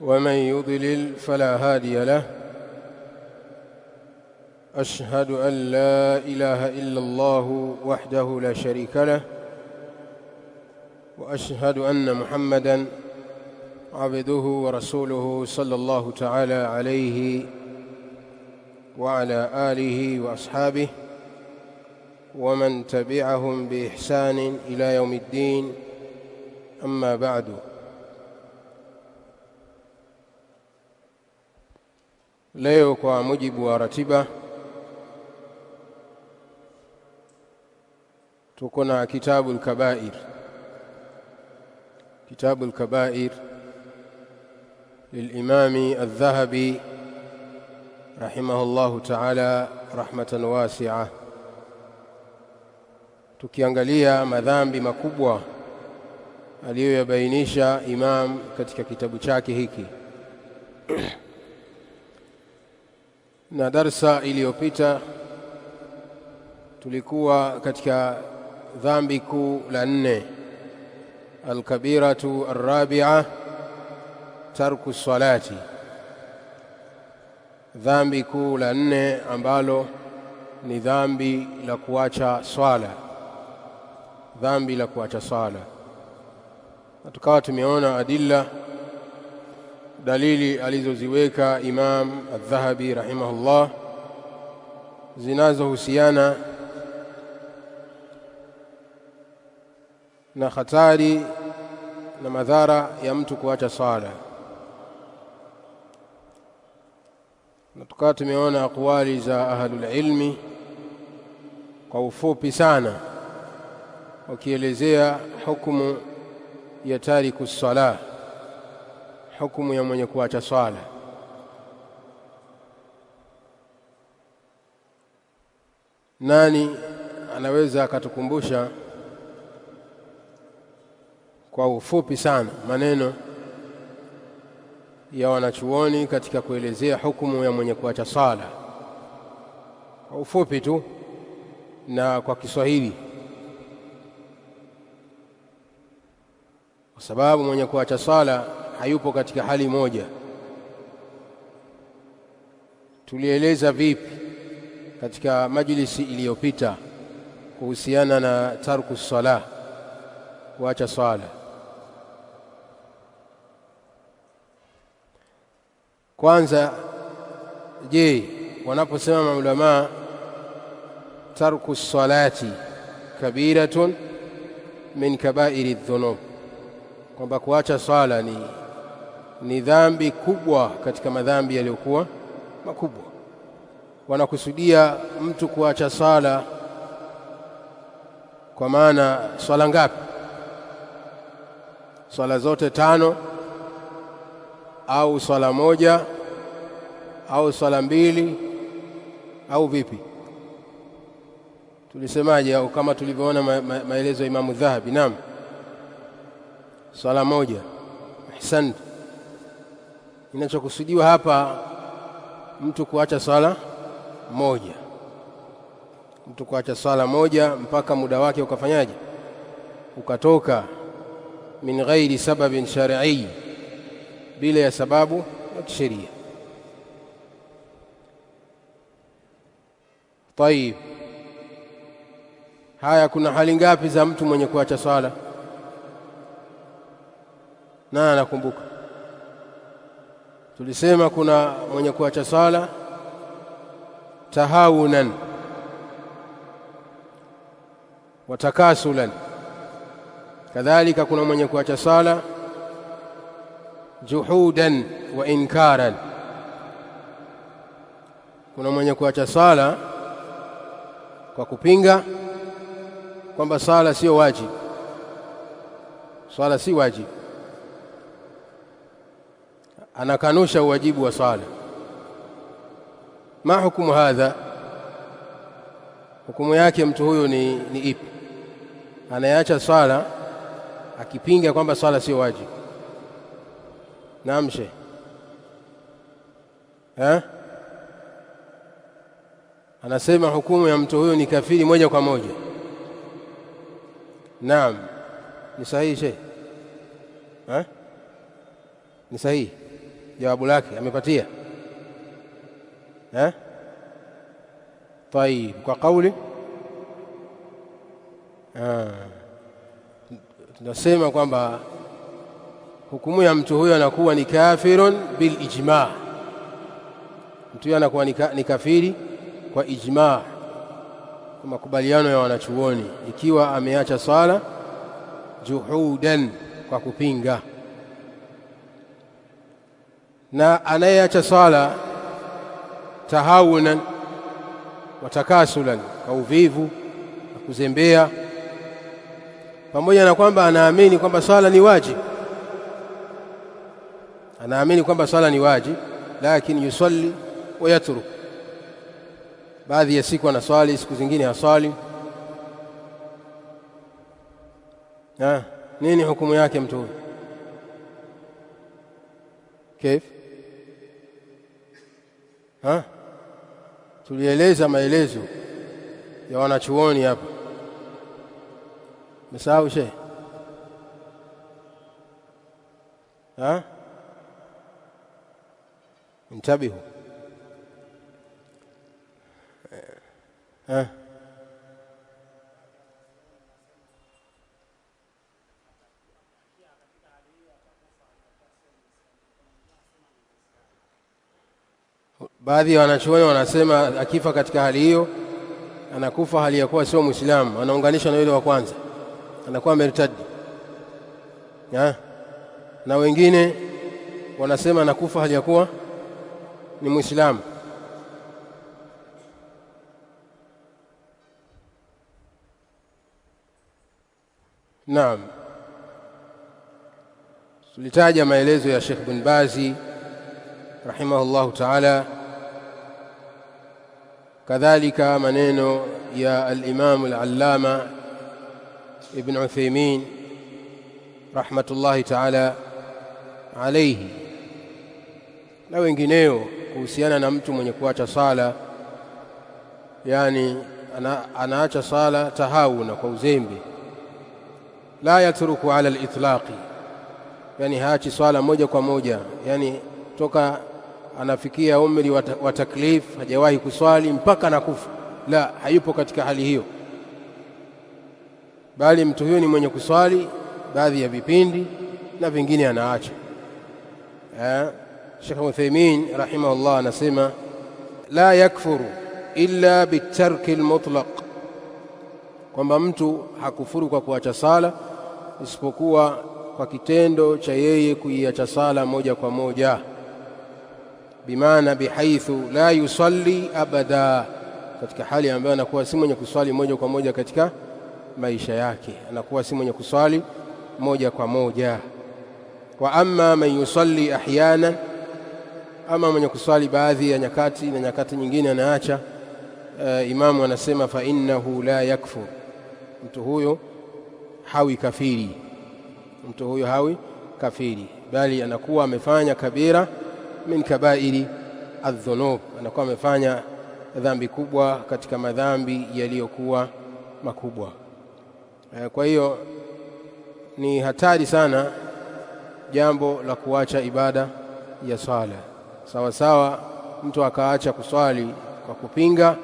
ومن يضلل فلا هادي له أشهد أن لا إله إلا الله وحده لا شريك له وأشهد أن محمدا عبده ورسوله صلى الله تعالى عليه وعلى آله وأصحابه ومن تبعهم بإحسان إلى يوم الدين أما بعد Leo kwa mujibu wa ratiba tuko na kitabu al-kabair. Kitabu al-kabair lilimami al-Dhahabi rahimahullahu ta'ala rahmatan wasi'a, tukiangalia madhambi makubwa aliyoyabainisha Imam katika kitabu chake hiki na darsa iliyopita tulikuwa katika dhambi kuu la nne alkabiratu arabia tarku salati, dhambi kuu la nne ambalo ni dhambi la kuacha swala, dhambi la kuacha swala, na tukawa tumeona adilla dalili alizoziweka Imam Adh-Dhahabi rahimahullah zinazohusiana na hatari na madhara ya mtu kuacha sala, na tukawa tumeona akwali za ahlul ilmi kwa ufupi sana, wakielezea hukumu ya tariku salah hukumu ya mwenye kuacha swala. Nani anaweza akatukumbusha kwa ufupi sana maneno ya wanachuoni katika kuelezea hukumu ya mwenye kuacha sala kwa ufupi tu na kwa Kiswahili, kwa sababu mwenye kuacha sala hayupo katika hali moja. Tulieleza vipi katika majlisi iliyopita kuhusiana na tarku sala kuacha swala. Kwanza, je, wanaposema maulamaa tarku salati kabiratun min kabairi dhunub, kwamba kuacha swala ni ni dhambi kubwa katika madhambi yaliyokuwa makubwa. Wanakusudia mtu kuacha sala, kwa maana swala ngapi? Swala zote tano au swala moja au swala mbili au vipi? Tulisemaje? Au kama tulivyoona ma ma maelezo ya Imamu Dhahabi, naam, swala moja. Ahsantu. Kinachokusudiwa hapa mtu kuacha swala moja, mtu kuacha swala moja mpaka muda wake ukafanyaje, ukatoka. Min ghairi sababin shar'i, bila ya sababu ya kisheria. Tayib, haya, kuna hali ngapi za mtu mwenye kuacha swala? na nakumbuka Tulisema kuna mwenye kuacha sala tahawunan wa takasulan, kadhalika kuna mwenye kuacha sala juhudan wa inkaran, kuna mwenye kuacha sala kwa kupinga kwamba sala sio wajibu, sala si wajibu anakanusha uwajibu wa swala. Ma hukumu hadha, hukumu yake mtu huyo ni, ni ipi? Anayeacha swala akipinga kwamba swala sio wajibu. Naam, she anasema hukumu ya mtu huyo ni kafiri moja kwa moja. Naam, ni sahihi she ni sahihi jawabu lake amepatia eh? Tayib, kwa kauli tunasema ah. kwamba hukumu ya mtu huyo anakuwa ni kafirun bil ijma, mtu huyo anakuwa ni kafiri kwa ijma, kwa makubaliano ya wanachuoni, ikiwa ameacha sala juhudan, kwa kupinga na anayeacha swala tahawunan watakasulan, kwa uvivu na kuzembea, pamoja na kwamba anaamini kwamba swala ni wajibu, anaamini kwamba swala ni waji lakini yusalli wa yatruk, baadhi ya siku anaswali, siku zingine haswali. Nini hukumu yake mtu huyu? Kaifa ha? Tulieleza maelezo ya wanachuoni hapa, msahau she ha? Intabihu eh. ha? Baadhi ya wanachuoni wanasema akifa katika hali hiyo, anakufa hali ya kuwa sio Mwislamu, anaunganishwa na yule wa kwanza, anakuwa mertadi. Na wengine wanasema anakufa hali ya kuwa ni Mwislamu. Naam, tulitaja maelezo ya Sheikh bin Bazi rahimahullahu taala كذلك منين يا الإمام العلامة ابن عثيمين رحمة الله تعالى عليه na wengineo kuhusiana na mtu mwenye kuacha sala yani ana, anaacha sala tahawuna kwa uzembe la yatruku ala litlaqi yani haachi swala moja kwa moja yani toka anafikia umri wa taklif, hajawahi kuswali mpaka nakufa la, hayupo katika hali hiyo, bali mtu huyo ni mwenye kuswali baadhi ya vipindi na vingine anaacha. Eh, Sheikh Uthaymin rahimahullah anasema la yakfuru illa bitarki almutlaq kwamba mtu hakufuru kwa kuacha sala isipokuwa kwa kitendo cha yeye kuiacha sala moja kwa moja bimaana bihaithu la yusalli abada, katika hali ambayo anakuwa si mwenye kuswali moja kwa moja katika maisha yake, anakuwa si mwenye kuswali moja kwa moja. Wa amma man yusalli ahyanan, ama mwenye kuswali baadhi ya nyakati na nyakati nyingine anaacha. Uh, imamu anasema fa innahu la yakfur, mtu huyo hawi kafiri, mtu huyo hawi kafiri, bali anakuwa amefanya kabira min kabairi aldhunub, anakuwa amefanya dhambi kubwa katika madhambi yaliyokuwa makubwa. Eh, kwa hiyo ni hatari sana jambo la kuacha ibada ya swala, sawa sawa mtu akaacha kuswali kwa kupinga.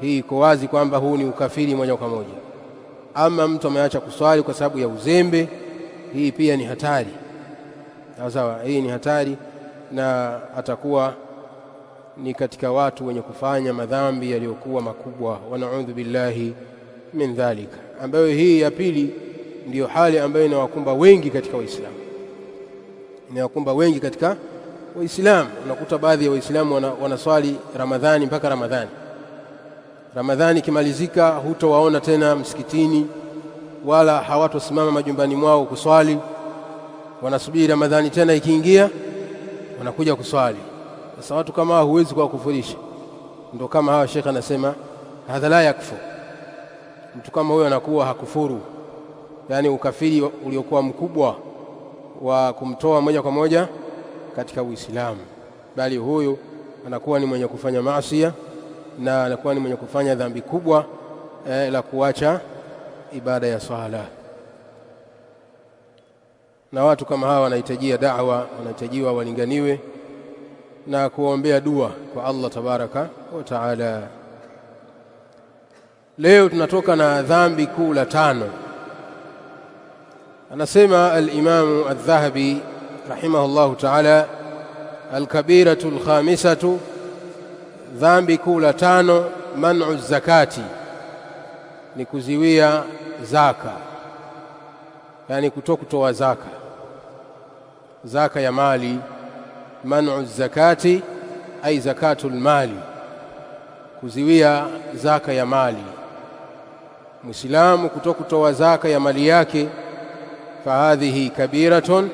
Hii iko wazi kwamba huu ni ukafiri moja kwa moja. Ama mtu ameacha kuswali kwa sababu ya uzembe, hii pia ni hatari, sawa sawa, hii ni hatari na atakuwa ni katika watu wenye kufanya madhambi yaliyokuwa makubwa, wanaudhu billahi min dhalika ambayo hii ya pili ndiyo hali ambayo inawakumba wengi katika Waislamu, inawakumba wengi katika Waislamu. Unakuta baadhi ya Waislamu wana, wanaswali Ramadhani mpaka Ramadhani. Ramadhani ikimalizika, hutowaona tena msikitini wala hawatosimama majumbani mwao kuswali, wanasubiri Ramadhani tena ikiingia wanakuja kuswali. Sasa watu kama hao huwezi kuwakufurisha, ndio kama hawa shekhe anasema hadha la yakfu, mtu kama huyo anakuwa hakufuru, yaani ukafiri uliokuwa mkubwa wa kumtoa moja kwa moja katika Uislamu, bali huyu anakuwa ni mwenye kufanya maasi na anakuwa ni mwenye kufanya dhambi kubwa eh, la kuacha ibada ya swala na watu kama hawa wanahitajia da'wa, wanahitajiwa walinganiwe na kuwaombea dua kwa Allah tabaraka wa taala. Leo tunatoka na dhambi kuu la tano. Anasema al imam al-Dhahabi rahimahullahu taala, al-kabiratu al-khamisatu, dhambi kuu la tano, man'u zakati, ni kuziwia zaka, yani kutokutoa zaka zaka ya mali, manu zakati ai zakatu mali, kuziwia zaka ya mali. Muislamu kutokutoa zaka ya mali yake, fahadhihi kabiratun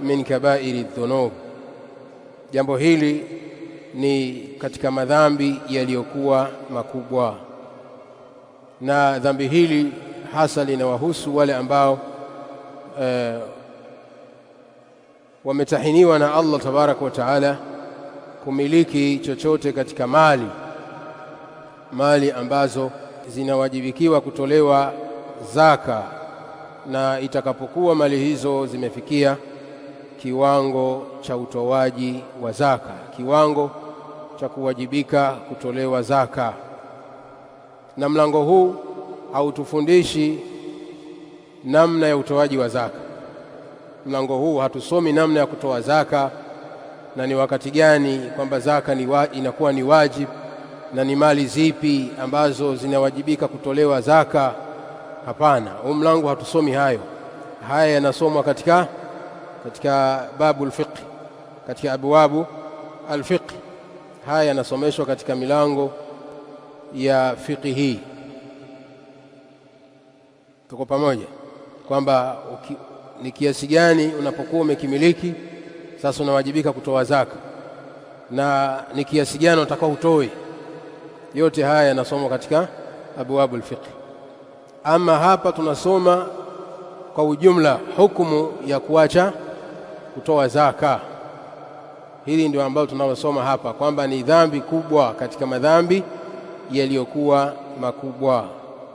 min kabairi dhunub, jambo hili ni katika madhambi yaliyokuwa makubwa, na dhambi hili hasa linawahusu wale ambao eh, wametahiniwa na Allah tabaraka wa taala kumiliki chochote katika mali mali ambazo zinawajibikiwa kutolewa zaka, na itakapokuwa mali hizo zimefikia kiwango cha utoaji wa zaka, kiwango cha kuwajibika kutolewa zaka. Na mlango huu hautufundishi namna ya utoaji wa zaka mlango huu hatusomi namna ya kutoa zaka na ni wakati gani kwamba zaka ni wa, inakuwa ni wajibu na ni mali zipi ambazo zinawajibika kutolewa zaka. Hapana, huu mlango hatusomi hayo. Haya yanasomwa katika, katika babu alfiqh, katika abwabu alfiqh. Haya yanasomeshwa katika milango ya fiqhi hii. Tuko pamoja kwamba ni kiasi gani unapokuwa umekimiliki sasa unawajibika kutoa zaka na ni kiasi gani utakao utoe. Yote haya yanasomwa katika abwabul fiqh. Ama hapa tunasoma kwa ujumla hukumu ya kuacha kutoa zaka. Hili ndio ambalo tunalosoma hapa kwamba ni dhambi kubwa katika madhambi yaliyokuwa makubwa.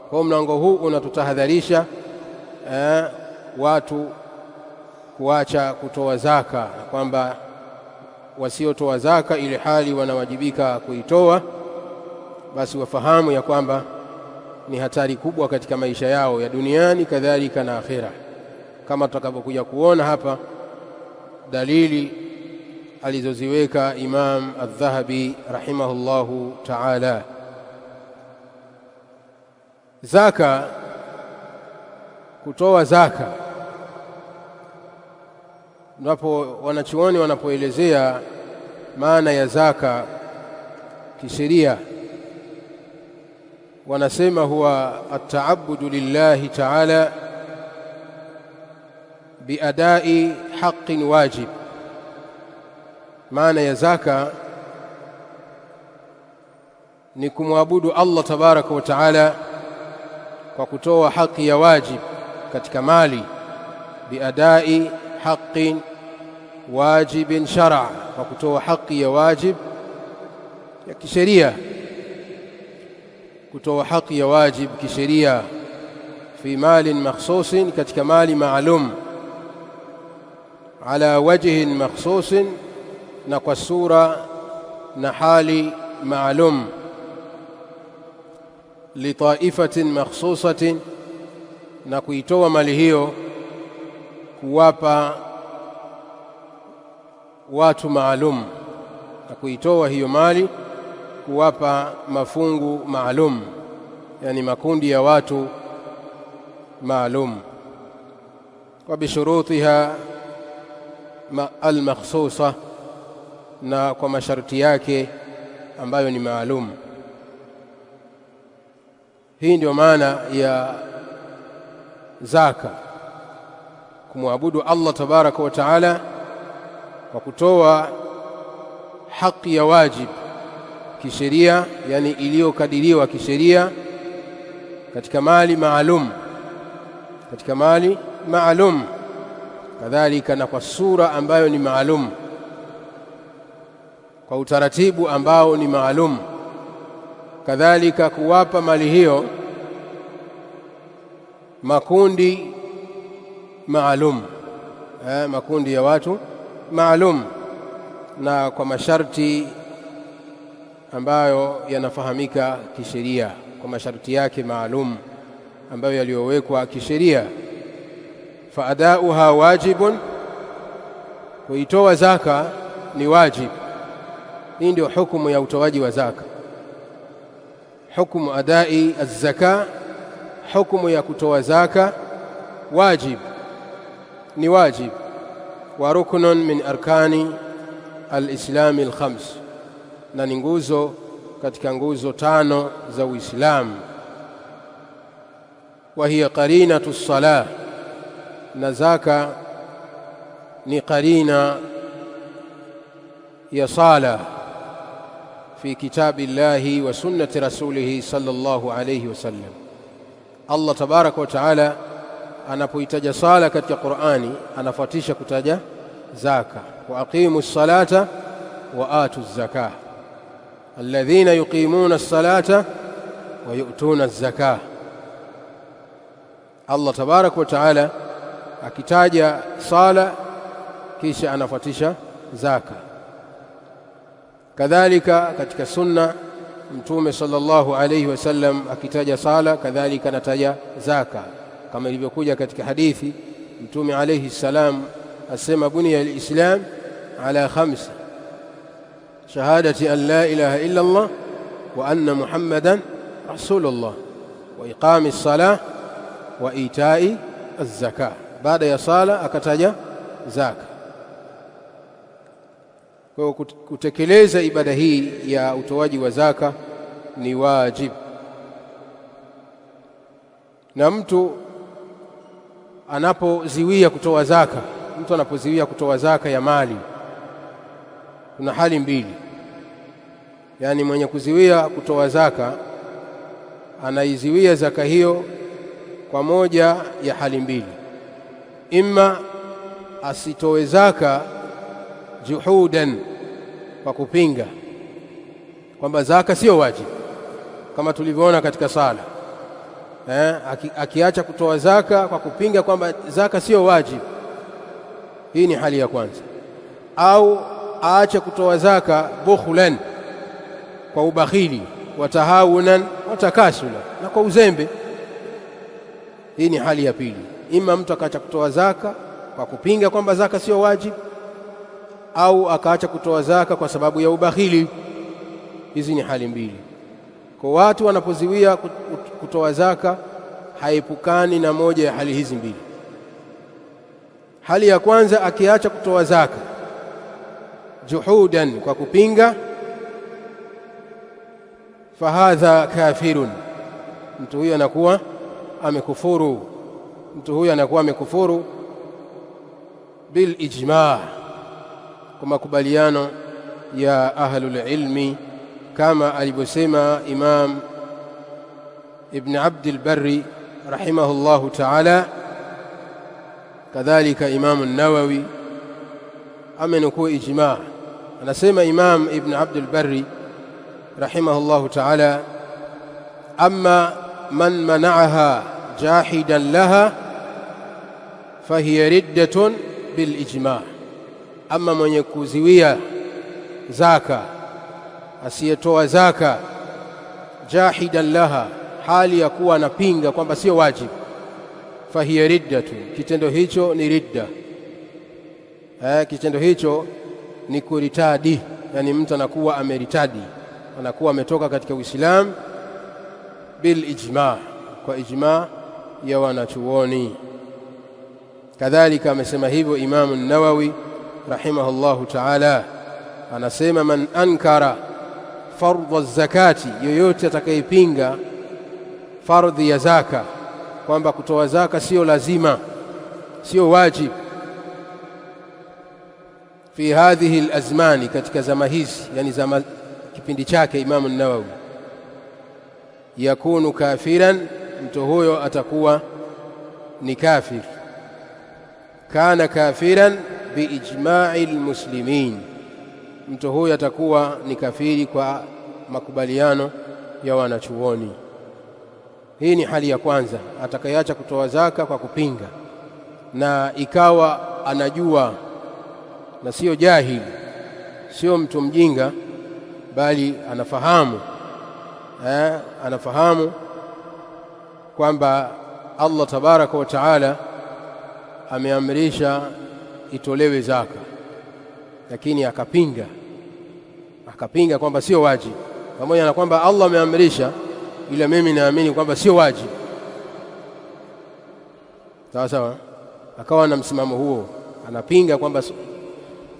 Kwa mlango huu unatutahadharisha eh, watu kuacha kutoa zaka, na kwamba wasiotoa zaka ili hali wanawajibika kuitoa, basi wafahamu ya kwamba ni hatari kubwa katika maisha yao ya duniani kadhalika na akhera, kama tutakavyokuja kuona hapa dalili alizoziweka Imam Adh-Dhahabi rahimahullahu ta'ala. Zaka, kutoa zaka ndipo wanachuoni wanapoelezea maana ya zaka kisheria wanasema huwa at-ta'abbudu lillahi taala biadai haqqin wajib, maana ya zaka ni kumwabudu Allah tabaraka wa taala kwa kutoa haki ya wajib katika mali biadai حق واجب شرع وكتو حق يا واجب يا كشريه كتو حق يا واجب كشريه في مال مخصوص كتك مال معلوم على وجه مخصوص نقو الصوره نحالي معلوم لطائفه مخصوصه نكويتوا مالي هيو kuwapa watu maalum na kuitoa hiyo mali kuwapa mafungu maalum, yani makundi ya watu maalum, kwa bishurutiha almakhsusa, na kwa masharti yake ambayo ni maalum. Hii ndio maana ya zaka kumwabudu Allah tabaraka wa taala kwa kutoa haki ya wajib kisheria, yani iliyokadiriwa kisheria katika mali maalum, katika mali maalum, kadhalika na kwa sura ambayo ni maalum, kwa utaratibu ambao ni maalum, kadhalika kuwapa mali hiyo makundi maalum eh, makundi ya watu maalum na kwa masharti ambayo yanafahamika kisheria, kwa masharti yake maalum ambayo yaliyowekwa kisheria. Fa adauha wajibun, kuitoa zaka ni wajib Hii ndio hukumu ya utoaji wa zaka, hukumu adai azzaka, hukumu ya kutoa zaka wajib ni waajib wa ruknun min arkani alislami alkhams, na ni nguzo katika nguzo tano za Uislamu. Wa hiya qarinatu ssalah, na zaka ni qarina ya sala fi kitabi llahi wa sunnati rasulihi sallallahu alayhi wasallam. Allah tabaraka wa taala anapoitaja sala katika Qur'ani anafuatisha kutaja zaka, wa aqimu salata wa atu zakah alladhina yuqimuna salata wa yu'tuna zakah. Allah tabarak wa taala akitaja sala kisha anafuatisha zaka. Kadhalika katika sunna Mtume sallallahu alayhi wasallam akitaja sala kadhalika anataja zaka. كما يلبكوجا كتك حديثي نتومي عليه السلام السيما بني الإسلام على خمسة شهادة أن لا إله إلا الله وأن محمدا رسول الله وإقام الصلاة وإيتاء الزكاة بعد يصالة أكتجا زكاة كتكليز إبادهي يا أتواجي وزكاة ni wajibu na mtu anapoziwia kutoa zaka, mtu anapoziwia kutoa zaka ya mali, kuna hali mbili, yaani mwenye kuziwia kutoa zaka anaiziwia zaka hiyo kwa moja ya hali mbili, imma asitowe zaka juhudan, kwa kupinga kwamba zaka sio wajibu, kama tulivyoona katika sala eh, akiacha kutoa zaka kwa kupinga kwamba zaka siyo wajibu. Hii ni hali ya kwanza. Au aache kutoa zaka bukhulan, kwa ubakhili, watahawunan, watakasula, na kwa uzembe. Hii ni hali ya pili. Ima mtu akaacha kutoa zaka kwa kupinga kwamba zaka sio wajibu, au akaacha kutoa zaka kwa sababu ya ubakhili. Hizi ni hali mbili. Kwa watu wanapoziwia kutoa zaka, haepukani na moja ya hali hizi mbili. Hali ya kwanza, akiacha kutoa zaka juhudan, kwa kupinga, fahadha kafirun, mtu huyo anakuwa amekufuru, mtu huyo anakuwa amekufuru bil ijma, kwa makubaliano ya ahlul ilmi كما اليبسما امام ابن عبد البر رحمه الله تعالى كذلك امام النووي امنكو اجماع انا اسمع امام ابن عبد البر رحمه الله تعالى اما من منعها جاحدا لها فهي رده بالاجماع اما من يكوزيها zakah asiyetoa zaka jahidan laha, hali ya kuwa anapinga kwamba sio wajibu, fahiya riddatu, kitendo hicho ni ridda. Eh, kitendo hicho ni kuritadi, yani mtu anakuwa ameritadi, anakuwa ametoka katika Uislamu bil ijma, kwa ijma ya wanachuoni. Kadhalika amesema hivyo Imamu Nawawi rahimahullahu taala, anasema man ankara fardhu zakati, yoyote atakayepinga fardhi ya zaka, kwamba kutoa zaka sio lazima, sio wajibu, fi hadhihi alazmani, katika zama hizi, yani zama kipindi chake Imamu Nawawi, yakunu kafiran, mtu huyo atakuwa ni kafir. Kana kafiran biijma'i almuslimin mtu huyu atakuwa ni kafiri kwa makubaliano ya wanachuoni. Hii ni hali ya kwanza, atakayeacha kutoa zaka kwa kupinga na ikawa anajua na siyo jahili, sio mtu mjinga, bali anafahamu eh, anafahamu kwamba Allah tabaraka wa taala ameamrisha itolewe zaka, lakini akapinga akapinga kwamba sio wajib pamoja na kwamba Allah ameamrisha, ila mimi naamini kwamba sio wajib Sawa sawa, akawa na msimamo huo, anapinga kwamba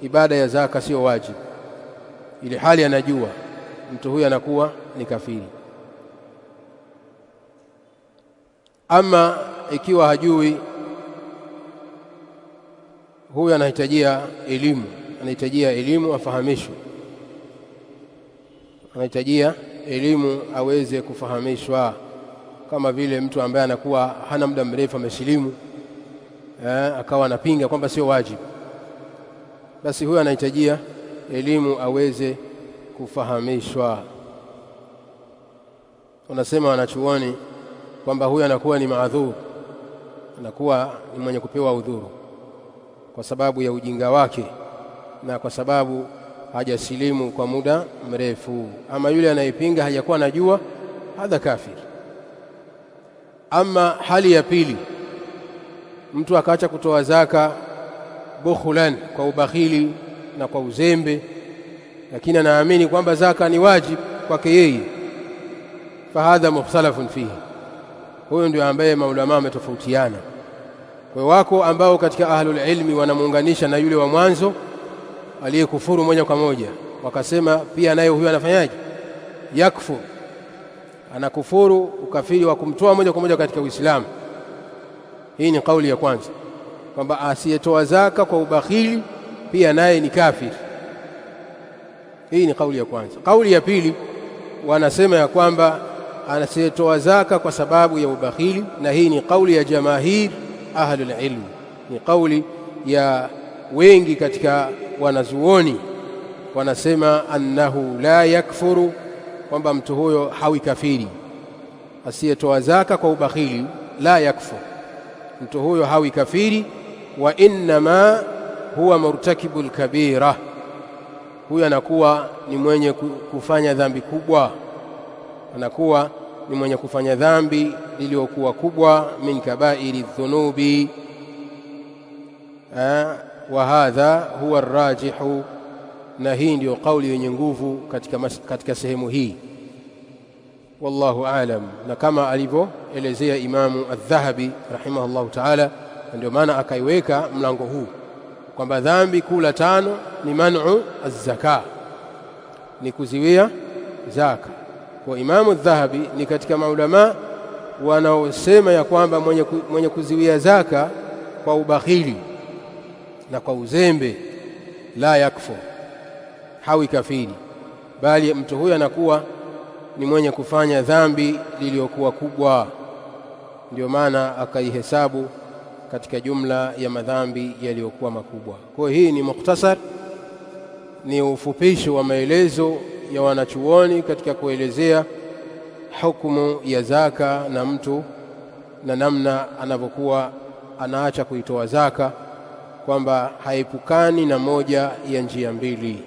ibada ya zaka sio wajibu, ili hali anajua mtu huyo anakuwa ni kafiri. Ama ikiwa hajui huyo anahitajia elimu, anahitajia elimu afahamishwe anahitajia elimu aweze kufahamishwa, kama vile mtu ambaye anakuwa hana muda mrefu amesilimu eh, akawa anapinga kwamba sio wajibu, basi huyo anahitajia elimu aweze kufahamishwa. Wanasema wanachuoni kwamba huyo anakuwa ni maadhur anakuwa ni mwenye kupewa udhuru kwa sababu ya ujinga wake na kwa sababu hajasilimu kwa muda mrefu. Ama yule anayepinga hajakuwa anajua, hadha kafir. Ama hali ya pili, mtu akaacha kutoa zaka bukhulan, kwa ubakhili na kwa uzembe, lakini anaamini kwamba zaka ni wajib kwake yeye, fahadha mukhtalafun fihi, huyo ndio ambaye maulamaa ametofautiana Kwa wako ambao katika ahlul ilmi wanamuunganisha na yule wa mwanzo aliyekufuru moja kwa moja. Wakasema pia naye huyo anafanyaje? Yakfuru, anakufuru ukafiri wa kumtoa moja kwa moja katika Uislamu. Hii ni kauli ya kwanza kwamba asiyetoa zaka kwa ubakhili pia naye ni kafiri. Hii ni kauli ya kwanza. Kauli ya pili wanasema ya kwamba asiyetoa zaka kwa sababu ya ubakhili, na hii ni kauli ya jamahiri ahlul ilm, ni kauli ya wengi katika wanazuoni wanasema annahu la yakfuru, kwamba mtu huyo hawi kafiri. Asiyetoa zaka kwa ubakhili, la yakfuru, mtu huyo hawi kafiri. Wa innama huwa murtakibu lkabira, huyo anakuwa ni mwenye kufanya dhambi kubwa, anakuwa ni mwenye kufanya dhambi liliyokuwa kubwa, min kabairi dhunubi eh, wa hadha huwa arrajihu, na hii ndiyo kauli yenye nguvu katika, katika sehemu hii wallahu aalam. Na kama alivyoelezea Imamu Adh-Dhahabi rahimahullahu taala, ndio maana akaiweka mlango huu kwamba dhambi kuu la tano ni man'u az-zaka, ni kuziwia zaka. Kwa Imamu dhahabi ni katika maulamaa wanaosema ya kwamba mwenye kuziwia zaka kwa ubakhili na kwa uzembe, la yakfu hawi kafiri, bali mtu huyo anakuwa ni mwenye kufanya dhambi liliyokuwa kubwa. Ndiyo maana akaihesabu katika jumla ya madhambi yaliyokuwa makubwa. Kwa hiyo hii ni mukhtasar, ni ufupisho wa maelezo ya wanachuoni katika kuelezea hukumu ya zaka na mtu na namna anavyokuwa anaacha kuitoa zaka kwamba haepukani na moja ya njia mbili.